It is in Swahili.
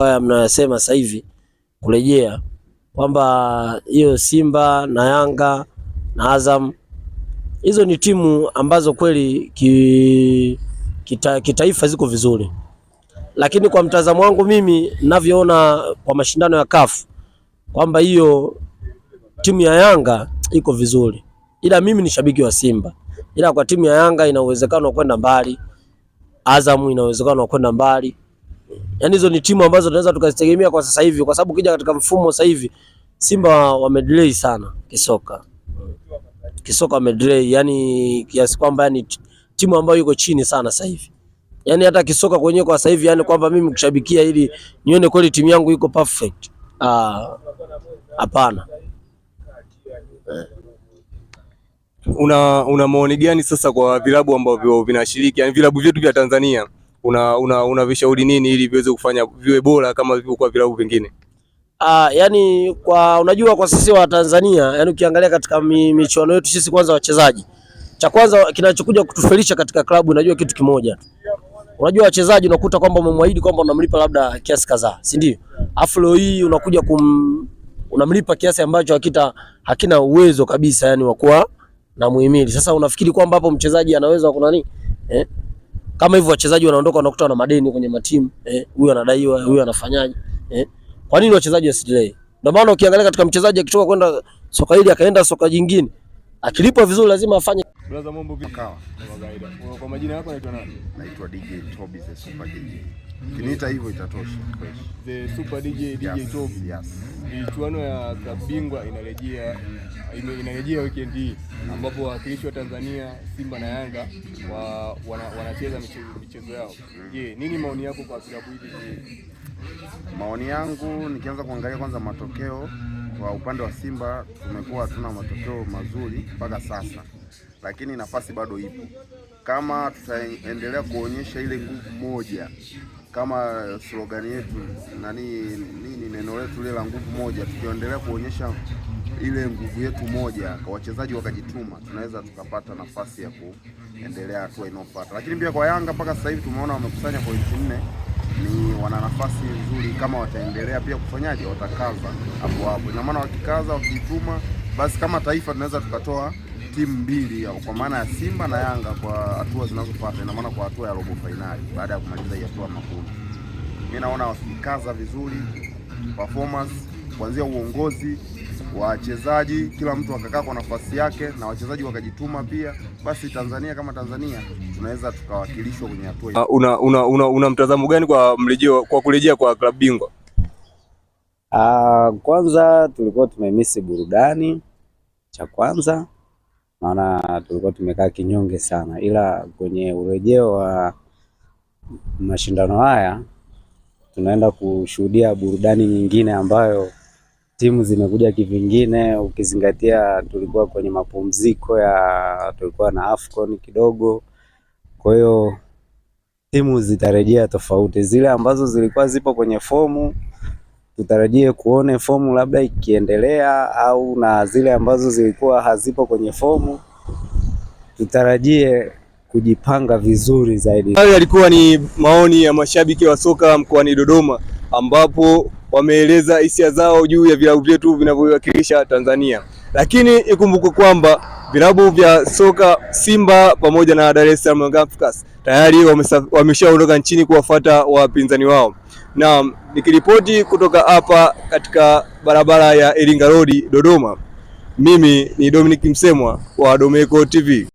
Haya mnayosema sasa hivi kurejea kwamba hiyo Simba na Yanga na Azam hizo ni timu ambazo kweli kitaifa kita, kitaifa ziko vizuri, lakini kwa mtazamo wangu mimi ninavyoona kwa mashindano ya CAF kwamba hiyo timu ya Yanga iko vizuri, ila mimi ni shabiki wa Simba, ila kwa timu ya Yanga ina uwezekano wa kwenda mbali, Azam ina uwezekano wa kwenda mbali yani hizo ni timu ambazo tunaweza tukazitegemea kwa sasa hivi, kwa sababu ukija katika mfumo sasa hivi Simba wamedelay sana kisoka, kisoka wamedelay yani kiasi kwamba yani timu ambayo yuko chini sana sasa hivi yani hata kisoka kwenyewe kwa sasa hivi yani kwamba mimi kushabikia ili nione kweli timu yangu iko perfect, ah, hapana. Una, una maoni gani sasa kwa vilabu ambavyo vinashiriki yani vilabu vyetu vya Tanzania una, una, una vishauri nini ili viweze kufanya viwe bora kama vilivyokuwa vilabu vingine? Ah, yani kwa unajua kwa sisi wa Tanzania, yani ukiangalia katika mi, michuano yetu sisi kwanza wachezaji. Cha kwanza kinachokuja kutufelisha katika klabu unajua kitu kimoja tu. Unajua wachezaji unakuta kwamba umemwahidi kwamba unamlipa labda kiasi kadhaa, si ndio? Afu leo hii unakuja kum unamlipa kiasi ambacho hakita hakina uwezo kabisa yani wa kuwa na muhimili. Sasa unafikiri kwamba hapo mchezaji anaweza kuna nini? Eh? Kama hivyo wachezaji wanaondoka wanakuta na madeni kwenye matimu, eh, huyu anadaiwa, huyu anafanyaje? Eh. Kwa nini wachezaji wasidelay? Ndio maana ukiangalia katika mchezaji akitoka kwenda soka hili akaenda soka jingine, akilipwa vizuri lazima afanye Brother Mombo vipi? Kawa. Kwa majina yako naitwa nani? Naitwa DJ Toby the Super DJ. Kiniita hivyo itatosha. The Super DJ DJ yes, Toby. Yes. Michuano ya klabu bingwa inarejea inarejea weekend hii ambapo wawakilishi wa Tanzania Simba na Yanga wa, wana, wanacheza michezo yao. Je, nini maoni yako kwa klabu hii? Maoni yangu nikianza kuangalia kwanza matokeo kwa upande wa Simba tumekuwa hatuna matokeo mazuri mpaka sasa lakini nafasi bado ipo, kama tutaendelea kuonyesha ile nguvu moja, kama slogan yetu nani nini, neno letu lile la nguvu moja, tukiendelea kuonyesha ile nguvu yetu moja, kwa wachezaji wakajituma, tunaweza tukapata nafasi ya kuendelea hatua inayofuata. Lakini pia kwa Yanga mpaka sasa hivi tumeona wamekusanya pointi nne, ni wana nafasi nzuri, kama wataendelea pia kufanyaje, watakaza hapo hapo. Ina maana wakikaza, wakijituma, basi kama taifa tunaweza tukatoa timu mbili kwa maana ya Simba na Yanga kwa hatua zinazofuata, ina maana kwa hatua ya robo fainali baada ya kumaliza hii hatua makundi. Mimi naona wasikaza vizuri performance kuanzia uongozi wachezaji, kila mtu akakaa kwa nafasi yake na wachezaji wakajituma pia, basi Tanzania kama Tanzania tunaweza tukawakilishwa kwenye hatua. Ah, una, una, una, una mtazamo gani kwa mrejeo, kwa kurejea kwa klabu bingwa? Uh, kwanza tulikuwa tumemisi burudani cha kwanza naona tulikuwa tumekaa kinyonge sana, ila kwenye urejeo wa mashindano haya tunaenda kushuhudia burudani nyingine ambayo timu zimekuja kivingine, ukizingatia tulikuwa kwenye mapumziko ya tulikuwa na Afcon kidogo, kwa hiyo timu zitarejea tofauti, zile ambazo zilikuwa zipo kwenye fomu tutarajie kuone fomu labda ikiendelea au na zile ambazo zilikuwa hazipo kwenye fomu tutarajie kujipanga vizuri zaidi. Hayo yalikuwa ni maoni ya mashabiki wa soka mkoani Dodoma ambapo wameeleza hisia zao juu ya vilabu vyetu vinavyowakilisha Tanzania, lakini ikumbukwe kwamba Vilabu vya soka Simba pamoja na Dar es Salaam Young Africans tayari wameshaondoka nchini kuwafuata wapinzani wao. Na nikiripoti kutoka hapa katika barabara ya Iringa Road Dodoma, mimi ni Dominic Msemwa wa Domeko TV.